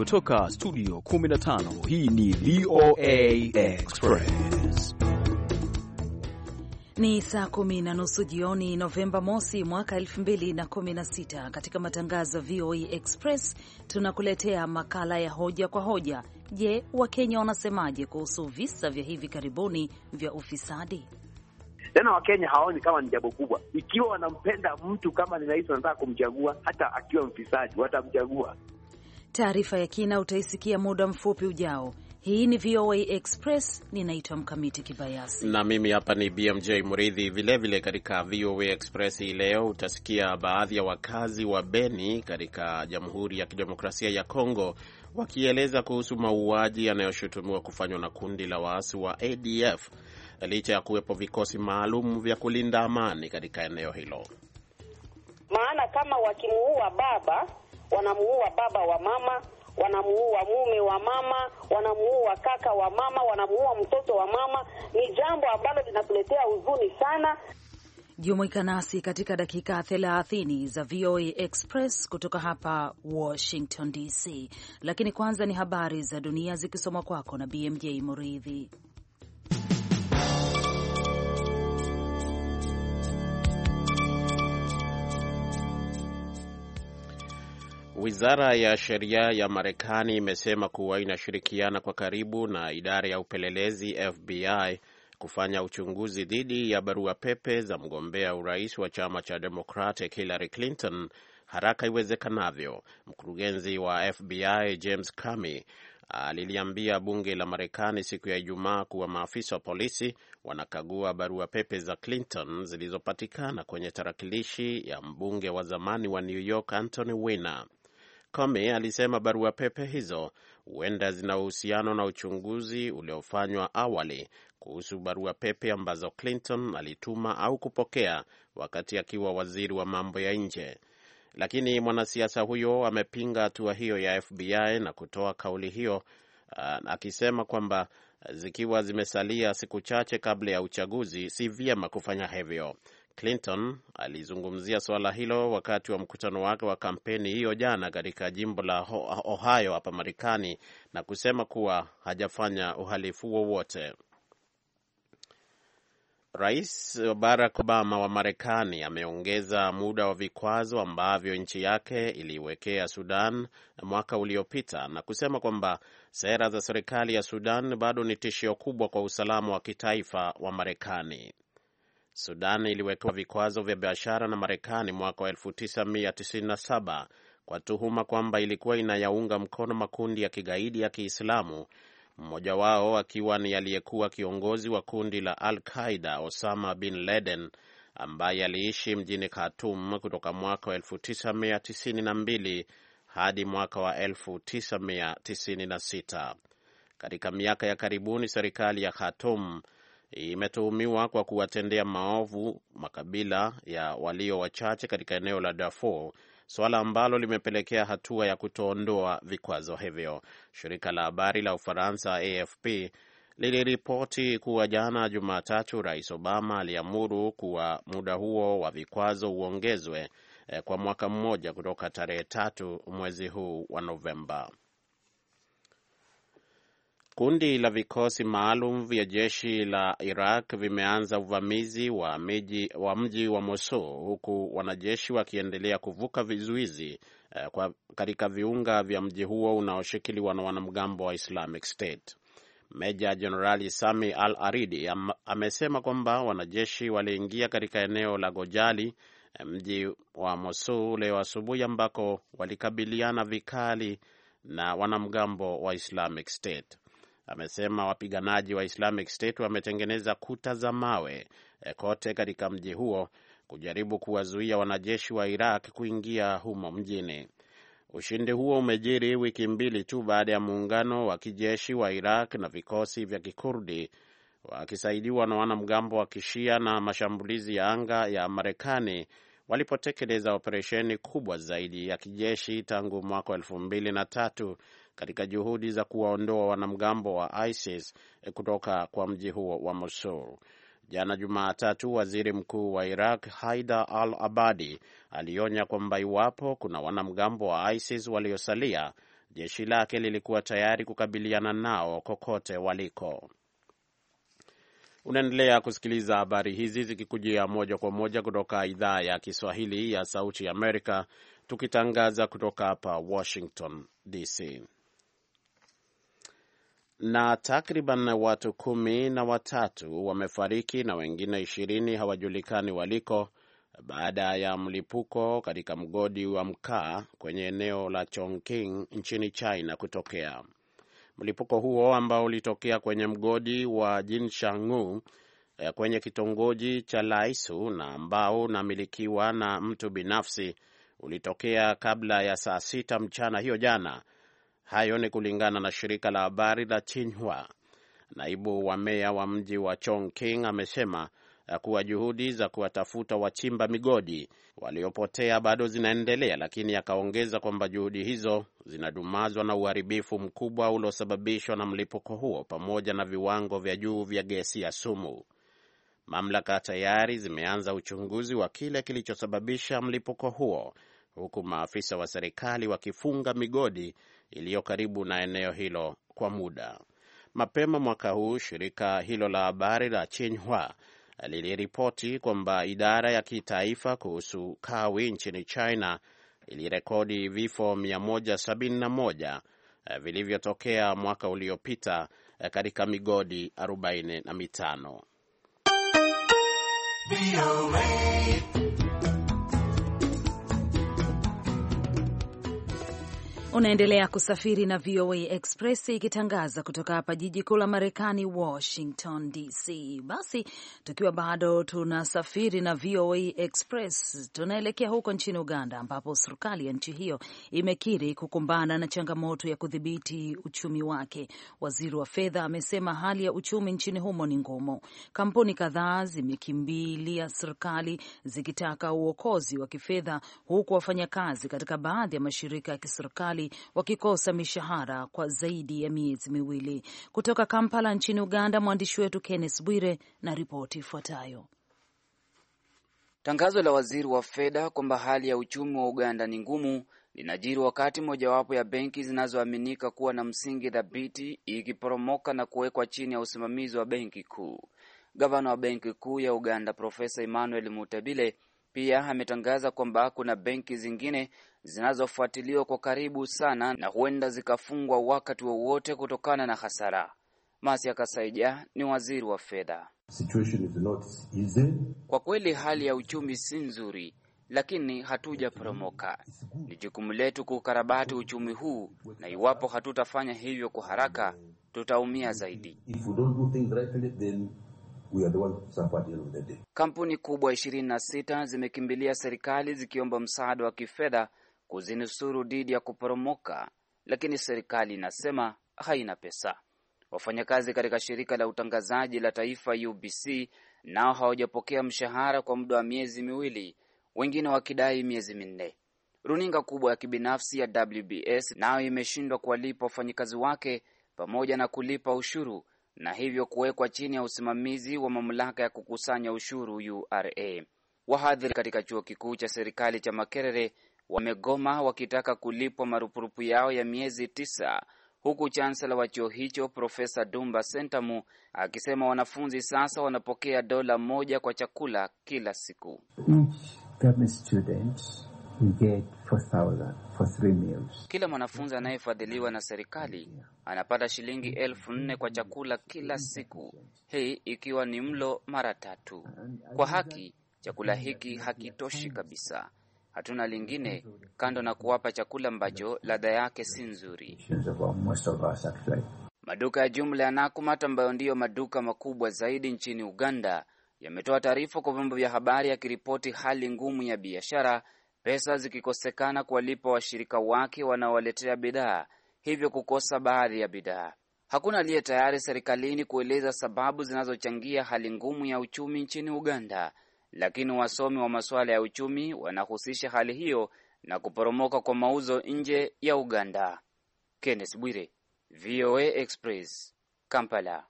Kutoka studio 15 hii ni VOA Express. Ni saa kumi na nusu jioni, Novemba mosi mwaka 2016. Katika matangazo ya VOA Express tunakuletea makala ya hoja kwa hoja. Je, Wakenya wanasemaje kuhusu visa vya hivi karibuni vya ufisadi? Tena Wakenya hawaoni kama ni jambo kubwa. Ikiwa wanampenda mtu kama ni rais, wanataka kumchagua, hata akiwa mfisadi watamchagua. Taarifa ya kina utaisikia muda mfupi ujao. Hii ni VOA Express, ninaitwa Mkamiti Kibayasi na mimi hapa ni BMJ Mridhi. Vilevile katika VOA Express hii leo utasikia baadhi ya wakazi wa Beni katika Jamhuri ya Kidemokrasia ya Kongo wakieleza kuhusu mauaji yanayoshutumiwa kufanywa na kundi la waasi wa ADF licha ya kuwepo vikosi maalum vya kulinda amani katika eneo hilo, maana kama wakimuua baba wanamuua baba wa mama, wanamuua mume wa mama, wanamuua kaka wa mama, wanamuua mtoto wa mama. Ni jambo ambalo linatuletea huzuni sana. Jumuika nasi katika dakika 30 za VOA Express kutoka hapa Washington DC, lakini kwanza ni habari za dunia zikisomwa kwako na BMJ Muridhi. Wizara ya sheria ya Marekani imesema kuwa inashirikiana kwa karibu na idara ya upelelezi FBI kufanya uchunguzi dhidi ya barua pepe za mgombea urais wa chama cha Democratic Hillary Clinton haraka iwezekanavyo. Mkurugenzi wa FBI James Comey aliliambia bunge la Marekani siku ya Ijumaa kuwa maafisa wa polisi wanakagua barua pepe za Clinton zilizopatikana kwenye tarakilishi ya mbunge wa zamani wa New York Anthony Weiner. Comey alisema barua pepe hizo huenda zina uhusiano na uchunguzi uliofanywa awali kuhusu barua pepe ambazo Clinton alituma au kupokea wakati akiwa waziri wa mambo ya nje. Lakini mwanasiasa huyo amepinga hatua hiyo ya FBI na kutoa kauli hiyo ah, akisema kwamba zikiwa zimesalia siku chache kabla ya uchaguzi, si vyema kufanya hivyo. Clinton alizungumzia suala hilo wakati wa mkutano wake wa kampeni hiyo jana katika jimbo la Ohio hapa Marekani na kusema kuwa hajafanya uhalifu wowote. Rais Barack Obama wa Marekani ameongeza muda wa vikwazo ambavyo nchi yake iliiwekea Sudan mwaka uliopita na kusema kwamba sera za serikali ya Sudan bado ni tishio kubwa kwa usalama wa kitaifa wa Marekani. Sudan iliwekewa vikwazo vya biashara na Marekani mwaka wa 1997 kwa tuhuma kwamba ilikuwa inayaunga mkono makundi ya kigaidi ya Kiislamu, mmoja wao akiwa ni aliyekuwa kiongozi wa kundi la Al Qaida Osama bin Laden ambaye aliishi mjini Khartoum kutoka mwaka wa 1992 hadi mwaka wa 1996. Katika miaka ya karibuni serikali ya Khartoum imetuhumiwa kwa kuwatendea maovu makabila ya walio wachache katika eneo la Darfur, suala ambalo limepelekea hatua ya kutoondoa vikwazo hivyo. Shirika la habari la Ufaransa AFP liliripoti kuwa jana Jumatatu, Rais Obama aliamuru kuwa muda huo wa vikwazo uongezwe eh, kwa mwaka mmoja kutoka tarehe tatu mwezi huu wa Novemba. Kundi la vikosi maalum vya jeshi la Iraq vimeanza uvamizi wa mji wa, mji wa Mosul huku wanajeshi wakiendelea kuvuka vizuizi eh, katika viunga vya mji huo unaoshikiliwa na wanamgambo wa Islamic State. Meja Jenerali Sami Al Aridi am, amesema kwamba wanajeshi waliingia katika eneo la Gojali, eh, mji wa Mosul leo asubuhi, ambako walikabiliana vikali na wanamgambo wa Islamic State amesema wapiganaji wa Islamic State wametengeneza kuta za mawe eh, kote katika mji huo kujaribu kuwazuia wanajeshi wa Iraq kuingia humo mjini. Ushindi huo umejiri wiki mbili tu baada ya muungano wa kijeshi wa Iraq na vikosi vya Kikurdi wakisaidiwa na wanamgambo wa Kishia na mashambulizi ya anga ya Marekani walipotekeleza operesheni kubwa zaidi ya kijeshi tangu mwaka elfu mbili na tatu katika juhudi za kuwaondoa wanamgambo wa ISIS eh, kutoka kwa mji huo wa Mosul. Jana Jumatatu, waziri mkuu wa Iraq Haidar al Abadi alionya kwamba iwapo kuna wanamgambo wa ISIS waliosalia, jeshi lake lilikuwa tayari kukabiliana nao kokote waliko. Unaendelea kusikiliza habari hizi zikikujia moja kwa moja kutoka idhaa ya Kiswahili ya Sauti ya Amerika, tukitangaza kutoka hapa Washington DC na takriban watu kumi na watatu wamefariki na wengine ishirini hawajulikani waliko baada ya mlipuko katika mgodi wa mkaa kwenye eneo la Chongqing nchini China kutokea. Mlipuko huo ambao ulitokea kwenye mgodi wa Jinshangu eh, kwenye kitongoji cha Laisu na ambao unamilikiwa na mtu binafsi ulitokea kabla ya saa sita mchana hiyo jana Hayo ni kulingana na shirika la habari la Xinhua. Naibu wa meya wa mji wa Chongqing amesema eh, kuwa juhudi za kuwatafuta wachimba migodi waliopotea bado zinaendelea, lakini akaongeza kwamba juhudi hizo zinadumazwa na uharibifu mkubwa uliosababishwa na mlipuko huo pamoja na viwango vya juu vya gesi ya sumu. Mamlaka tayari zimeanza uchunguzi wa kile kilichosababisha mlipuko huo, huku maafisa wa serikali wakifunga migodi iliyo karibu na eneo hilo kwa muda. Mapema mwaka huu shirika hilo la habari la Xinhua liliripoti kwamba idara ya kitaifa kuhusu kawi nchini China ilirekodi vifo 171 eh, vilivyotokea mwaka uliopita eh, katika migodi 45. Unaendelea kusafiri na VOA Express ikitangaza kutoka hapa jiji kuu la Marekani, Washington DC. Basi tukiwa bado tunasafiri na VOA Express, tunaelekea huko nchini Uganda, ambapo serikali ya nchi hiyo imekiri kukumbana na changamoto ya kudhibiti uchumi wake. Waziri wa fedha amesema hali ya uchumi nchini humo ni ngumu. Kampuni kadhaa zimekimbilia serikali zikitaka uokozi wa kifedha, huku wafanyakazi katika baadhi ya mashirika ya kiserikali serikali wakikosa mishahara kwa zaidi ya miezi miwili. Kutoka Kampala nchini Uganda, mwandishi wetu Kenneth Bwire na ripoti ifuatayo. Tangazo la waziri wa fedha kwamba hali ya uchumi wa Uganda ni ngumu linajiri wakati mojawapo ya benki zinazoaminika kuwa na msingi thabiti ikiporomoka na kuwekwa chini ya usimamizi wa benki kuu. Gavana wa benki kuu ya Uganda Profesa Emmanuel Mutabile pia ametangaza kwamba kuna benki zingine zinazofuatiliwa kwa karibu sana na huenda zikafungwa wakati wowote kutokana na hasara. Masia Kasaija ni waziri wa fedha. Kwa kweli hali ya uchumi si nzuri, lakini hatujaporomoka. Ni jukumu letu kuukarabati uchumi huu, na iwapo hatutafanya hivyo kwa haraka, tutaumia zaidi. Kampuni kubwa 26 zimekimbilia serikali zikiomba msaada wa kifedha kuzinusuru dhidi ya kuporomoka, lakini serikali inasema haina pesa. Wafanyakazi katika shirika la utangazaji la taifa UBC nao hawajapokea mshahara kwa muda wa miezi miwili, wengine wakidai miezi minne. Runinga kubwa ya kibinafsi ya WBS nayo imeshindwa kuwalipa wafanyakazi wake pamoja na kulipa ushuru na hivyo kuwekwa chini ya usimamizi wa mamlaka ya kukusanya ushuru URA. Wahadhiri katika chuo kikuu cha serikali cha Makerere wamegoma wakitaka kulipwa marupurupu yao ya miezi tisa, huku chansela wa chuo hicho Profesa Dumba Sentamu akisema wanafunzi sasa wanapokea dola moja kwa chakula kila siku. Kila mwanafunzi anayefadhiliwa na serikali anapata shilingi elfu nne kwa chakula kila siku, hii ikiwa ni mlo mara tatu. Kwa haki, chakula hiki hakitoshi kabisa. Hatuna lingine kando na kuwapa chakula ambacho ladha yake si nzuri. Maduka ya jumla ya Nakumat ambayo ndiyo maduka makubwa zaidi nchini Uganda yametoa taarifa kwa vyombo vya habari yakiripoti hali ngumu ya biashara, pesa zikikosekana kuwalipa washirika wake wanaowaletea bidhaa, hivyo kukosa baadhi ya bidhaa. Hakuna aliye tayari serikalini kueleza sababu zinazochangia hali ngumu ya uchumi nchini Uganda lakini wasomi wa masuala ya uchumi wanahusisha hali hiyo na kuporomoka kwa mauzo nje ya Uganda. Kenneth Bwire, VOA Express, Kampala.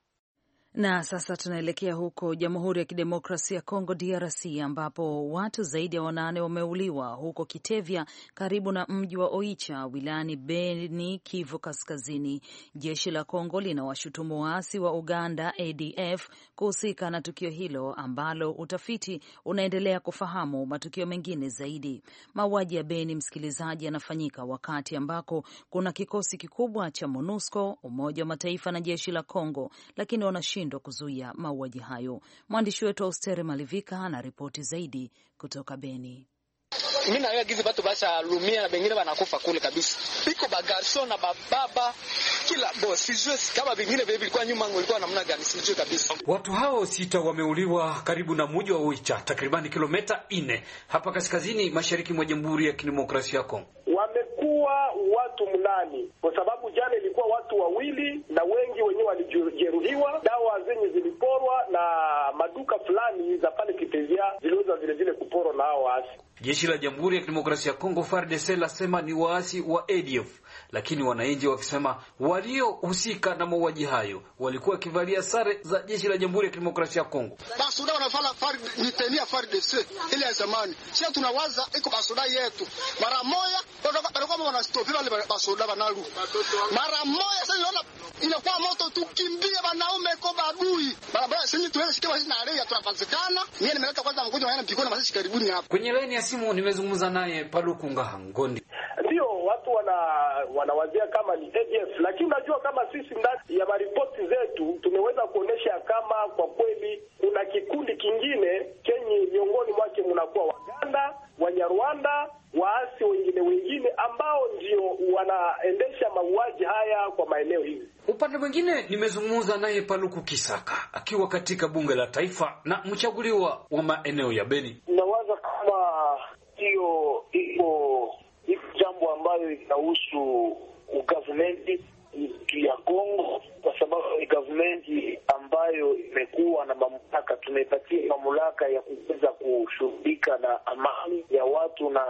Na sasa tunaelekea huko Jamhuri ya Kidemokrasia ya Kongo, DRC, ambapo watu zaidi ya wanane wameuliwa huko Kitevya, karibu na mji wa Oicha wilayani Beni, Kivu Kaskazini. Jeshi la Kongo linawashutumu waasi wa Uganda, ADF, kuhusika na tukio hilo ambalo utafiti unaendelea kufahamu matukio mengine zaidi. Mauaji ya Beni, msikilizaji, yanafanyika wakati ambako kuna kikosi kikubwa cha MONUSCO, Umoja wa Mataifa na jeshi la Kongo, lakini wanashi kushindwa kuzuia mauaji hayo. Mwandishi wetu Austere Malivika ana ripoti zaidi kutoka Beni. Mi gizi batu basha lumia na bengine banakufa kule kabisa, biko na bababa kila bo, sijue kama bengine vile vilikuwa nyuma ilikuwa namna gani, sijue kabisa. Watu hao sita wameuliwa karibu na muji wa Oicha, takribani kilomita nne hapa kaskazini mashariki mwa Jamhuri ya Kidemokrasia ya Kongo. Wamekuwa watu mnani kwa sababu watu wawili na wengi wenyewe walijeruhiwa. Dawa zenye ziliporwa na maduka fulani za pale Kipezia ziliweza vile kuporwa na hao waasi. Jeshi la Jamhuri ya Kidemokrasia ya Kongo FARDC lasema ni waasi wa ADF, lakini wananchi wakisema waliohusika na mauaji hayo walikuwa wakivalia sare za jeshi la Jamhuri ya Kidemokrasia ya Kongo. Basuda wanafala FARDC ile ya zamani, sio tunawaza iko basuda yetu mara moja kama wanastopia wale basoda banalu mara moja. Sasa niona inakuwa moto, tukimbie wanaume ko babui. barabara sisi tuende sikia wasi na leo tunapanzikana. Mimi nimeleta kwanza mgonjwa wana mpikoni masisi karibuni hapa kwenye laini ya simu nimezungumza naye Paluku Ngaha Ngondi watu wana, wanawazia kama ni ADF, lakini unajua kama sisi ndani ya maripoti zetu tumeweza kuonyesha kama kwa kweli kuna kikundi kingine chenye miongoni mwake mnakuwa Waganda, Wanyarwanda, waasi wengine wengine ambao ndio wanaendesha mauaji haya kwa maeneo hizi. Upande mwingine nimezungumza naye Paluku Kisaka akiwa katika bunge la taifa na mchaguliwa wa maeneo ya Beni. Nawaza kama hiyo iko ambayo inahusu ugavumenti ya Kongo, kwa sababu ni gavumenti ambayo imekuwa na mamlaka, tumepatia mamlaka ya kuweza kushughulika na amani ya watu na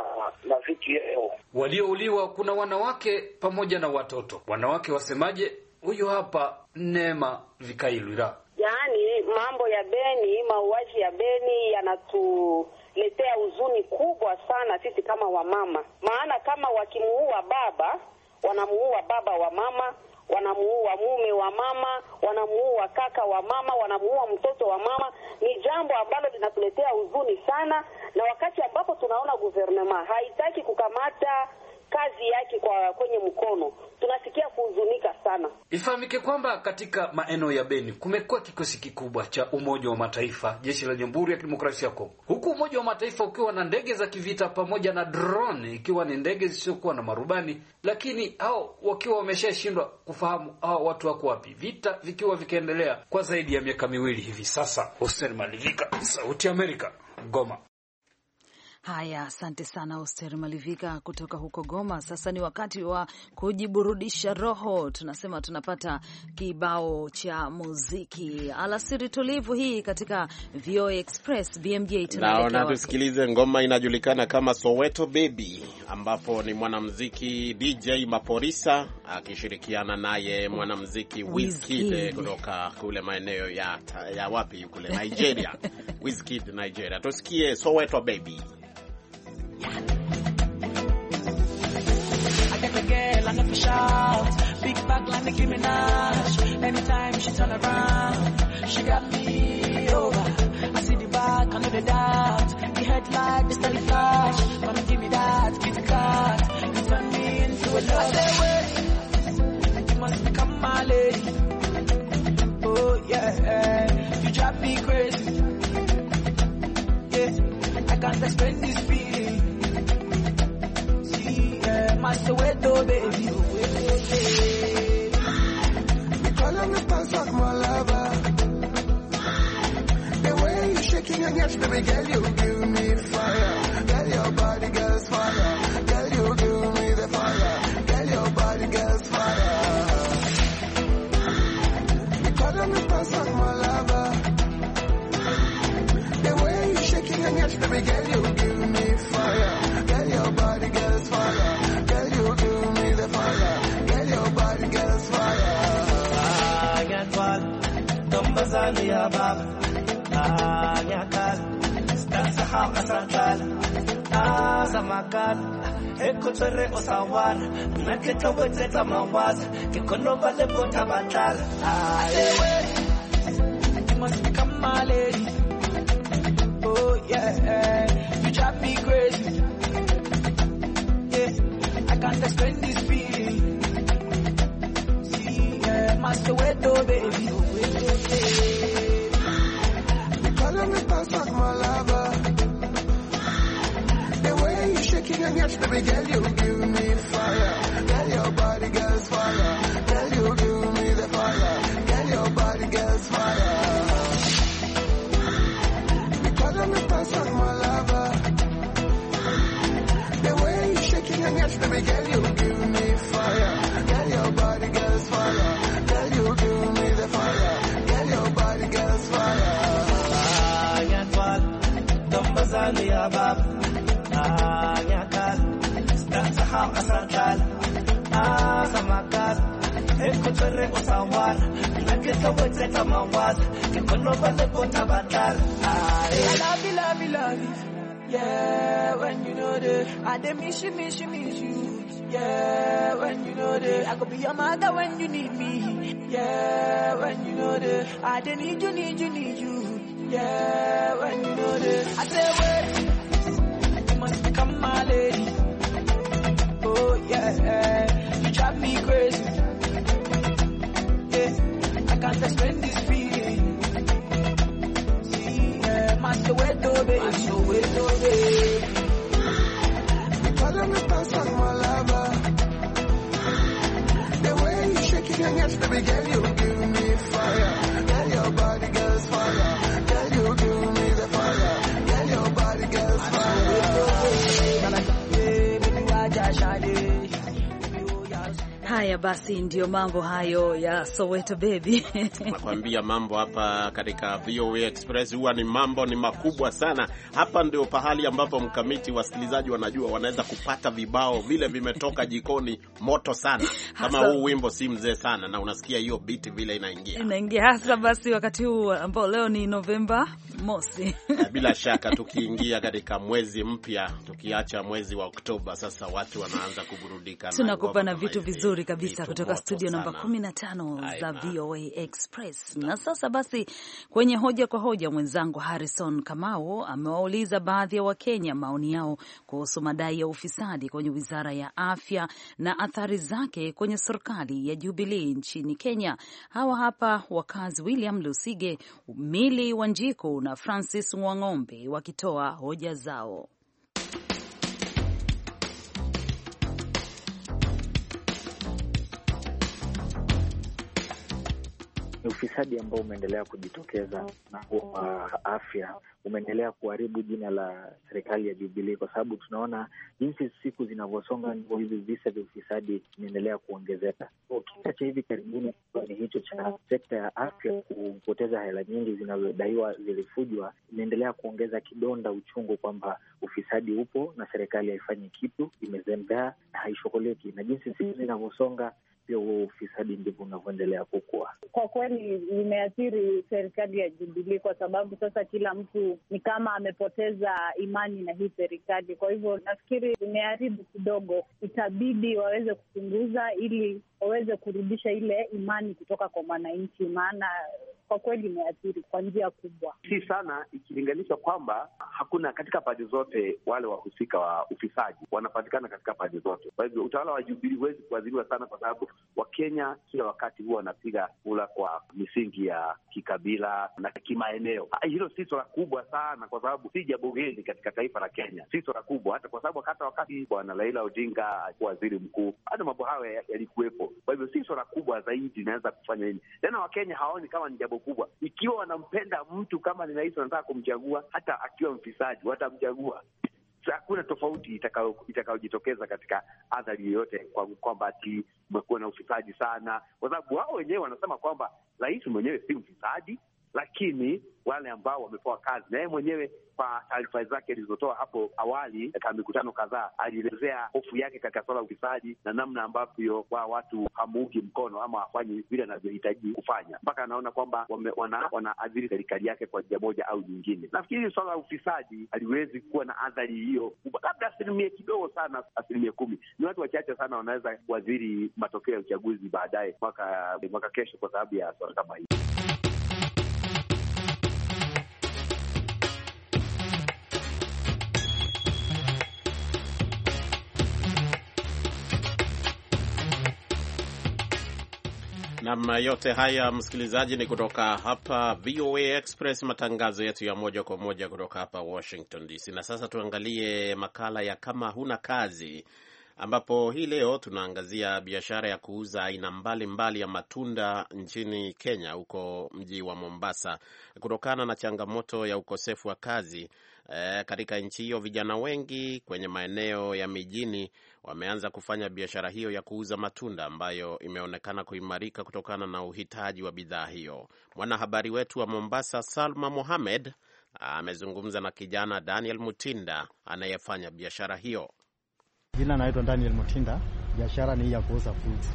na vitu yao. Waliouliwa kuna wanawake pamoja na watoto. Wanawake wasemaje? Huyu hapa Neema Vikailwira. Yaani mambo ya Beni, mauaji ya Beni yanatu letea huzuni kubwa sana sisi kama wamama, maana kama wakimuua baba, wanamuua baba wa mama, wanamuua mume wa mama, wanamuua kaka wa mama, wanamuua mtoto wa mama. Ni jambo ambalo linatuletea huzuni sana, na wakati ambapo tunaona guvernema haitaki kukamata kazi yake kwa kwenye mkono, tunasikia kuhuzunika sana. Ifahamike kwamba katika maeneo ya Beni kumekuwa kikosi kikubwa cha Umoja wa Mataifa, jeshi la Jamhuri ya Kidemokrasia ya Kongo, huku Umoja wa Mataifa ukiwa na ndege za kivita pamoja na drone, ikiwa ni ndege zisizokuwa na marubani, lakini hao wakiwa wameshashindwa kufahamu hao watu wako wapi, vita vikiwa vikiendelea kwa zaidi ya miaka miwili hivi sasa. Hussein Malivika, Sauti ya Amerika, Goma. Haya, asante sana Oster Malivika kutoka huko Goma. Sasa ni wakati wa kujiburudisha roho, tunasema tunapata kibao cha muziki alasiri tulivu hii katika VOA Express BMJ. Naona tusikilize ngoma inajulikana kama Soweto Baby, ambapo ni mwanamziki DJ Maporisa akishirikiana naye mwanamziki Wizkid kutoka kule maeneo ya, ya wapi kule Nigeria Wizkid Nigeria. Tusikie Soweto Baby. I get the girl, I got the shout. Big back like Nicki Minaj. Anytime she turn around, she got me over. I see the back, I know the doubt. The headlight, the steady flash. Mama, give me that, give the that. You turn me into a Wait, You must become my lady. Oh, yeah. You drive me crazy. Yeah, I can't explain. baby. Follow me, pass up my lover. The way you shaking and yes, baby girl, you give me fire. Girl, your body, girl's fire. Girl, you give me the fire. Girl, your body, girl's fire. Follow me, pass up my lover. The way you shaking and yes, baby girl, you give Tanzania baba Nanyakal Nagsahaw kasakal Nasamakal Ekutere usawan Nakitawete tamawaz Kikono vale bota batal Alewe You must come my lady Oh yeah You drive me crazy Yeah I can't explain this the You're my lover. The way you're shaking and yes, baby, girl, you give me fire. Girl, your body, girl's fire. Girl, you give me the fire. Girl, your body, girl's fire. The way you're shaking and yes, baby, girl, you give me fire. Yeah, when you know that I miss you, miss you, miss you. Yeah, when you know that I could be your mother when you need me. Yeah, when you know that I need you, need you, need you. Yeah, when you know this. I said, wait, you must become my lady. Oh, yeah, you drive me crazy. Yeah, I can't explain this feeling. See, yeah, my Soweto, baby. My Soweto, baby. Follow me past my lover. The way you shaking your hips, baby girl, you give me fire. Haya basi, ndiyo mambo hayo ya Soweto baby. Nakwambia mambo hapa katika VOA Express huwa ni mambo ni makubwa sana. Hapa ndio pahali ambapo mkamiti, wasikilizaji wanajua, wanaweza kupata vibao vile vimetoka jikoni moto sana, kama huu wimbo si mzee sana, na unasikia hiyo biti vile inaingia inaingia hasa. Basi wakati huu ambao leo ni Novemba mosi bila shaka tukiingia katika mwezi mpya, tukiacha mwezi wa Oktoba, sasa watu wanaanza kuburudika, tunakupa na vitu vizuri kabisa kutoka studio namba 15 za VOA Express. Na sasa basi, kwenye hoja kwa hoja, mwenzangu Harrison Kamau amewauliza baadhi ya Wakenya maoni yao kuhusu madai ya ufisadi kwenye wizara ya afya na athari zake kwenye serikali ya Jubilee nchini Kenya. Hawa hapa wakazi William Lusige, Mili Wanjiku na Francis Wang'ombe wakitoa hoja zao. ufisadi ambao umeendelea kujitokeza na huo wa uh, afya umeendelea kuharibu jina la serikali ya Jubilii, kwa sababu tunaona jinsi siku zinavyosonga ndivyo hivi visa vya ufisadi vinaendelea kuongezeka. Kisa cha hivi karibuni ni hicho cha sekta ya afya kupoteza hela nyingi zinazodaiwa zilifujwa, imeendelea kuongeza kidonda uchungu kwamba ufisadi upo na serikali haifanyi kitu, imezembea na haishughuliki, na jinsi siku zinavyosonga pia huo ufisadi ndivyo unavyoendelea kukua. Kwa kweli imeathiri serikali ya Jubilii kwa sababu sasa kila mtu ni kama amepoteza imani na hii serikali. Kwa hivyo nafikiri imeharibu kidogo, itabidi waweze kupunguza ili waweze kurudisha ile imani kutoka kwa mwananchi, maana kwa kweli imeathiri kwa njia kubwa, si sana ikilinganishwa kwamba hakuna katika pande zote wale wahusika wa ufisaji wanapatikana katika pande zote. Kwa hivyo utawala wa Jubilii huwezi kuadhiriwa sana, kwa sababu Wakenya kila wakati huwa wanapiga kula kwa misingi ya kikabila na kimaeneo. Ah, hilo si swala kubwa sana, kwa sababu si jambo geni katika taifa la Kenya, si swala kubwa hata, kwa sababu hata wakati bwana Raila Odinga alikuwa waziri mkuu, hata mambo hayo yalikuwepo. Kwa hivyo si swala kubwa zaidi inaweza kufanya nini tena. Wakenya hawaoni kama ni jambo kubwa. Ikiwa wanampenda mtu kama ni wanataka kumchagua, hata akiwa mfisadi watamchagua. Hakuna tofauti itakayojitokeza itaka katika athari yoyote, kwamba ati umekuwa na ufisadi sana, kwa sababu wao wenyewe wanasema kwamba rais mwenyewe si mfisadi, lakini wale ambao wamepewa kazi na yeye mwenyewe kwa taarifa zake alizotoa hapo awali katika mikutano kadhaa, alielezea hofu yake katika suala la ufisadi na namna ambavyo wa watu hamuungi mkono ama wafanyi vile anavyohitaji kufanya, mpaka anaona kwamba wana serikali yake kwa njia moja au nyingine. Nafikiri suala la ufisadi haliwezi kuwa na athari hiyo kubwa, labda asilimia kidogo sana, asilimia kumi. Ni watu wachache sana wanaweza kuadhiri matokeo ya uchaguzi baadaye mwaka mwaka kesho, kwa sababu ya suala kama hii. Nam, yote haya msikilizaji, ni kutoka hapa VOA Express, matangazo yetu ya moja kwa moja kutoka hapa Washington DC. Na sasa tuangalie makala ya kama huna kazi, ambapo hii leo tunaangazia biashara ya kuuza aina mbalimbali ya matunda nchini Kenya, huko mji wa Mombasa, kutokana na changamoto ya ukosefu wa kazi e, katika nchi hiyo, vijana wengi kwenye maeneo ya mijini wameanza kufanya biashara hiyo ya kuuza matunda ambayo imeonekana kuimarika kutokana na uhitaji wa bidhaa hiyo. Mwanahabari wetu wa Mombasa, Salma Mohamed, amezungumza na kijana Daniel Mutinda anayefanya biashara hiyo. Jina naitwa Daniel Mutinda, biashara ni hii ya kuuza fruits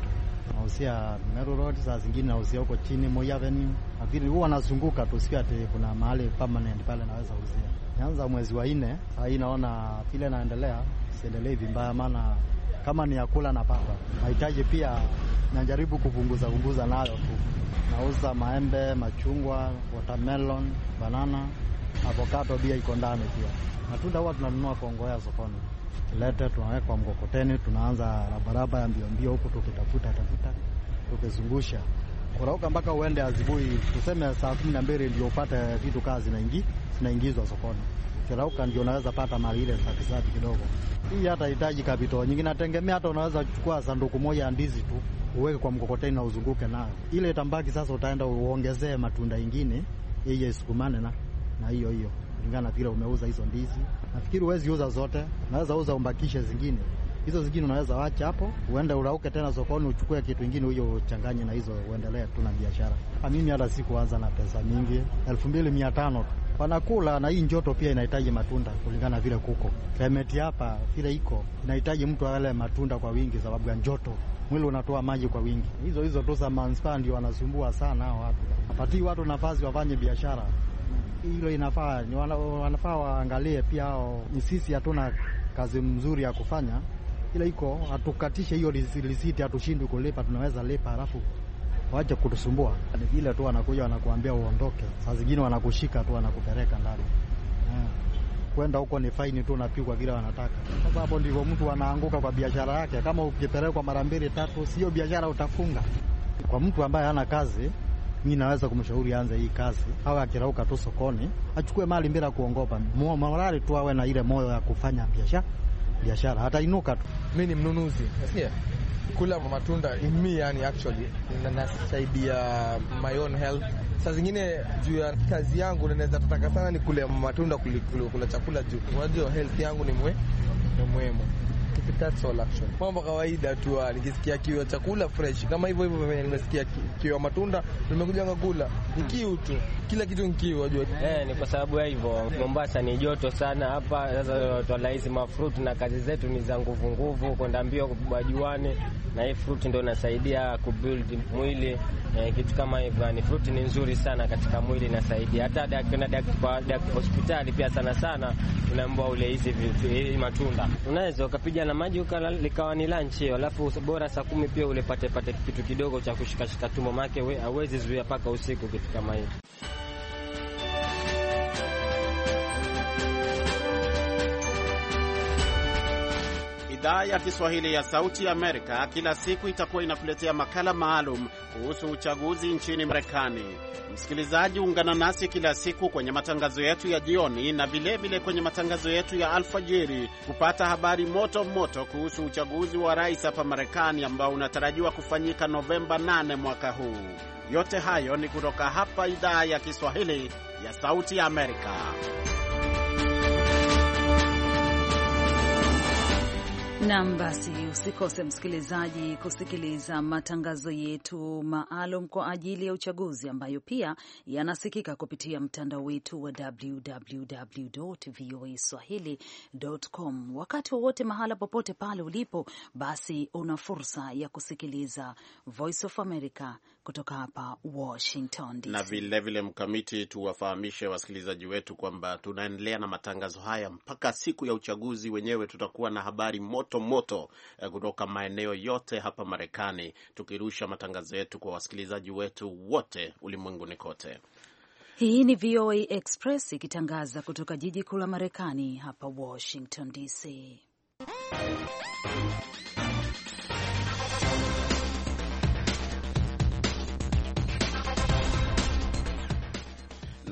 nausia Meru Road, saa zingine nausia huko chini Moi Avenue, lakini huwa nazunguka tu, sikia ati kuna mahali permanent pale naweza uzia. Nianza mwezi wa nne, saa hii naona vile naendelea, siendelei vibaya, maana kama ni yakula napata mahitaji pia, najaribu kupunguza punguza nayo tu. Nauza maembe, machungwa, watermelon, banana, avocado pia iko ndani pia. Matunda huwa tunanunua Kongowea sokoni tusilete, tunaweka kwa mkokoteni, tunaanza barabara ya mbio huku tukitafuta tafuta tukizungusha kurauka mpaka uende asubuhi, tuseme saa kumi na mbili ndio upate vitu kaa zinaingi, zinaingizwa sokoni. Kirauka ndio unaweza pata mali ile safisafi kidogo. Hii hata hitaji kapito nyingi, nategemea hata unaweza kuchukua sanduku moja ya ndizi tu uweke kwa mkokoteni na uzunguke nayo, ile itambaki sasa, utaenda uongezee matunda ingine yeye isukumane na na hiyo hiyo kulingana na vile umeuza hizo ndizi. Nafikiri huwezi uza zote, unaweza uza umbakishe zingine hizo zingine unaweza wacha hapo, uende urauke tena sokoni, uchukue kitu kingine huyo uchanganye na hizo, uendelee tu na biashara. Ah, mimi hata sikuanza na pesa mingi, elfu mbili mia tano tu wanakula, na hii njoto pia inahitaji matunda kulingana vile kuko klimeti hapa vile iko, inahitaji mtu ale matunda kwa wingi sababu ya njoto, mwili unatoa maji kwa wingi. Hizo hizo tu za manispaa ndio wanasumbua sana hao watu, apatii watu nafasi wafanye biashara hilo inafaa ni wana, wanafaa waangalie pia o, ni sisi hatuna kazi mzuri ya kufanya, ila iko hatukatishe hiyo risiti, hatushindwi kulipa, tunaweza lipa, halafu waje kutusumbua. Ni vile tu wanakuja wanakuambia uondoke, saa zingine wanakushika tu wanakupeleka ndani eh, Kwenda huko ni faini tu unapigwa kile wanataka. Sasa hapo ndivyo mtu anaanguka kwa biashara yake. Kama ukipelekwa mara mbili tatu, sio biashara utafunga. Kwa mtu ambaye hana kazi mi naweza kumshauri anze hii kazi, au akirauka tu sokoni achukue mali bila kuongopa. Morali tu awe na ile moyo ya kufanya biashara biashara, hatainuka tu. Mi ni mnunuzi, nasikia kula matunda me yani actually nasaidia my own health. Saa zingine juu ya kazi yangu naweza tataka sana ni kule matunda kuliko kula chakula, juu unajua health yangu ni muhimu that's all action. Mambo kawaida tu, ah, nikisikia kiwa chakula fresh kama hivyo hivyo venye nimesikia kiwa matunda nimekuja ngakula, ni hmm. kiu tu, kila kitu ni kiu, wajua eh, ni kwa sababu ya hivyo. Mombasa ni joto sana hapa, sasa hizi mafruit na kazi zetu ni za nguvu nguvu, kwenda mbio bajuani, na hii fruit ndio inasaidia ku build mwili eh, kitu kama hivyo. Ni fruit ni nzuri sana katika mwili, inasaidia hata daktari daktari hospitali pia sana sana unaambiwa ule hizi vitu hii matunda, unaweza ukapiga na maji likawa ni lunch hiyo, alafu bora saa kumi pia ulepate pate kitu kidogo cha kushikashika tumbo, make hawezi zuia mpaka usiku, kitu kama hiyo. Idhaa ya Kiswahili ya Sauti ya Amerika kila siku itakuwa inakuletea makala maalum kuhusu uchaguzi nchini Marekani. Msikilizaji, ungana nasi kila siku kwenye matangazo yetu ya jioni na vilevile kwenye matangazo yetu ya alfajiri kupata habari moto moto kuhusu uchaguzi wa rais hapa Marekani ambao unatarajiwa kufanyika Novemba 8 mwaka huu. Yote hayo ni kutoka hapa idhaa ya Kiswahili ya Sauti ya Amerika. Nam, basi usikose msikilizaji kusikiliza matangazo yetu maalum kwa ajili ya uchaguzi ambayo pia yanasikika kupitia mtandao wetu wa www voa swahilicom Wakati wowote mahala popote pale ulipo, basi una fursa ya kusikiliza Voice of America kutoka hapa Washington DC. Na vilevile vile mkamiti, tuwafahamishe wasikilizaji wetu kwamba tunaendelea na matangazo haya mpaka siku ya uchaguzi wenyewe. Tutakuwa na habari moto moto eh, kutoka maeneo yote hapa Marekani, tukirusha matangazo yetu kwa wasikilizaji wetu wote ulimwenguni kote. Hii ni VOA Express ikitangaza kutoka jiji kuu la Marekani hapa Washington DC.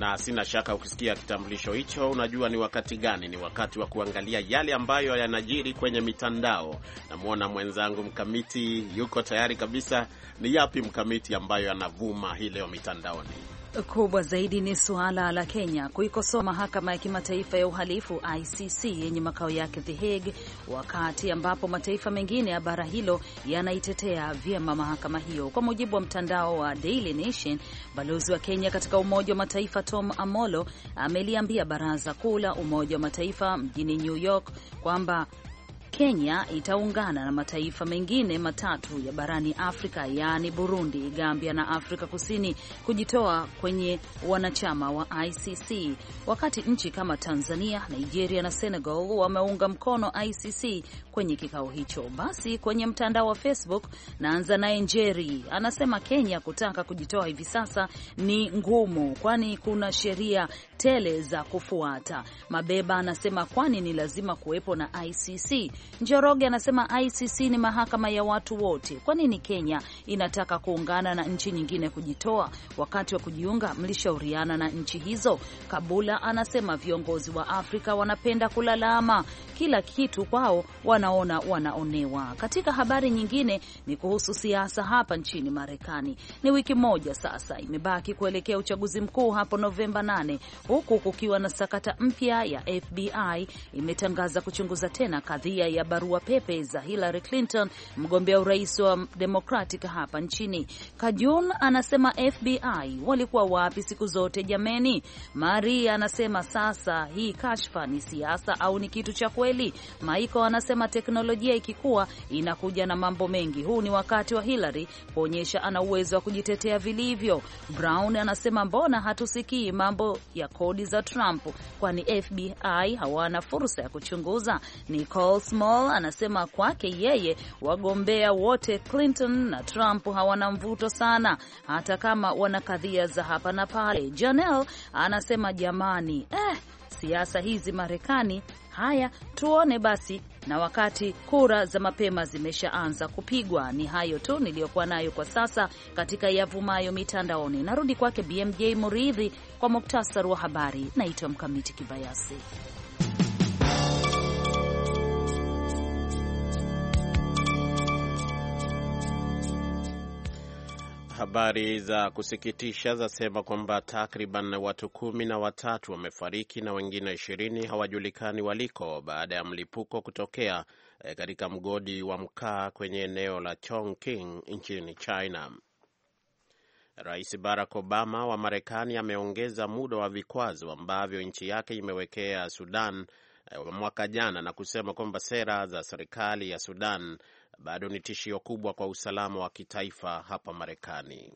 na sina shaka ukisikia kitambulisho hicho unajua ni wakati gani. Ni wakati wa kuangalia yale ambayo yanajiri kwenye mitandao. Namwona mwenzangu Mkamiti yuko tayari kabisa. Ni yapi Mkamiti ambayo yanavuma hii leo mitandaoni? kubwa zaidi ni suala la Kenya kuikosoa mahakama ya kimataifa ya uhalifu ICC yenye makao yake The Hague, wakati ambapo mataifa mengine ya bara hilo yanaitetea vyema mahakama hiyo. Kwa mujibu wa mtandao wa Daily Nation, balozi wa Kenya katika Umoja wa Mataifa Tom Amolo ameliambia baraza kuu la Umoja wa Mataifa mjini New York kwamba Kenya itaungana na mataifa mengine matatu ya barani Afrika yaani Burundi, Gambia na Afrika Kusini kujitoa kwenye wanachama wa ICC, wakati nchi kama Tanzania, Nigeria na Senegal wameunga mkono ICC kwenye kikao hicho. Basi kwenye mtandao wa Facebook, naanza naye Njeri anasema Kenya kutaka kujitoa hivi sasa ni ngumu, kwani kuna sheria tele za kufuata. Mabeba anasema kwani ni lazima kuwepo na ICC Njoroge anasema ICC ni mahakama ya watu wote. Kwa nini Kenya inataka kuungana na nchi nyingine kujitoa? Wakati wa kujiunga mlishauriana na nchi hizo? Kabula anasema viongozi wa Afrika wanapenda kulalama kila kitu, kwao wanaona wanaonewa. Katika habari nyingine ni kuhusu siasa hapa nchini Marekani. Ni wiki moja sasa imebaki kuelekea uchaguzi mkuu hapo Novemba 8 huku kukiwa na sakata mpya ya FBI imetangaza kuchunguza tena kadhia ya barua pepe za Hillary Clinton, mgombea urais wa Democratic hapa nchini. Kajun anasema FBI walikuwa wapi siku zote jameni? Maria anasema sasa hii kashfa ni siasa au ni kitu cha kweli? Maiko anasema teknolojia ikikuwa inakuja na mambo mengi, huu ni wakati wa Hillary kuonyesha ana uwezo wa kujitetea vilivyo. Brown anasema mbona hatusikii mambo ya kodi za Trump, kwani FBI hawana fursa ya kuchunguza. Nicole Jamal anasema kwake yeye wagombea wote Clinton na Trump hawana mvuto sana, hata kama wana kadhia za hapa na pale. Janel anasema jamani, eh, siasa hizi Marekani. Haya, tuone basi, na wakati kura za mapema zimeshaanza kupigwa. Ni hayo tu niliyokuwa nayo kwa sasa katika yavumayo mitandaoni. Narudi kwake BMJ Muridhi kwa muktasari wa habari. Naitwa Mkamiti Kibayasi. Habari za kusikitisha zasema kwamba takriban watu kumi na watatu wamefariki na wengine ishirini hawajulikani waliko baada ya mlipuko kutokea eh, katika mgodi wa mkaa kwenye eneo la Chongqing nchini China. Rais Barack Obama wa Marekani ameongeza muda wa vikwazo ambavyo nchi yake imewekea Sudan eh, mwaka jana na kusema kwamba sera za serikali ya Sudan bado ni tishio kubwa kwa usalama wa kitaifa hapa Marekani.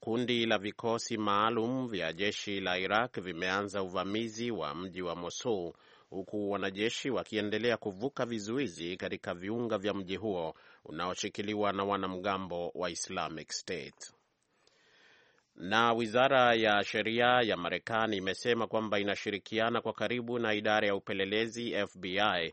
Kundi la vikosi maalum vya jeshi la Iraq vimeanza uvamizi wa mji wa Mosul huku wanajeshi wakiendelea kuvuka vizuizi katika viunga vya mji huo unaoshikiliwa na wanamgambo wa Islamic State. Na wizara ya sheria ya Marekani imesema kwamba inashirikiana kwa karibu na idara ya upelelezi FBI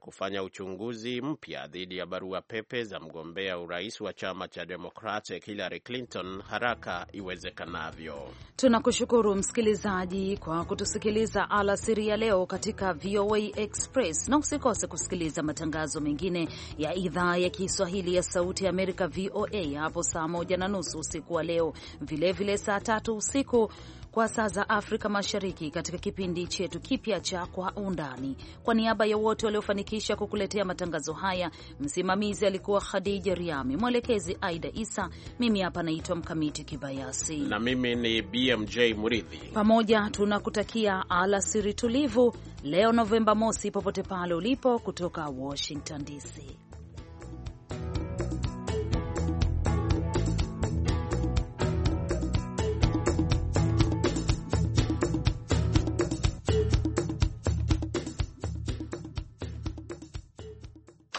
kufanya uchunguzi mpya dhidi ya barua pepe za mgombea urais wa chama cha Democratic Hillary Clinton haraka iwezekanavyo. Tunakushukuru msikilizaji kwa kutusikiliza alasiri ya leo katika VOA Express, na usikose kusikiliza matangazo mengine ya idhaa ya Kiswahili ya Sauti ya Amerika, VOA, hapo saa moja na nusu usiku wa leo, vilevile saa tatu usiku kwa saa za Afrika Mashariki katika kipindi chetu kipya cha Kwa Undani. Kwa niaba ya wote waliofanikisha kukuletea matangazo haya, msimamizi alikuwa Khadija Riami, mwelekezi Aida Isa, mimi hapa naitwa Mkamiti Kibayasi na mimi ni BMJ Muridhi. Pamoja tunakutakia alasiri tulivu leo Novemba mosi, popote pale ulipo, kutoka Washington DC.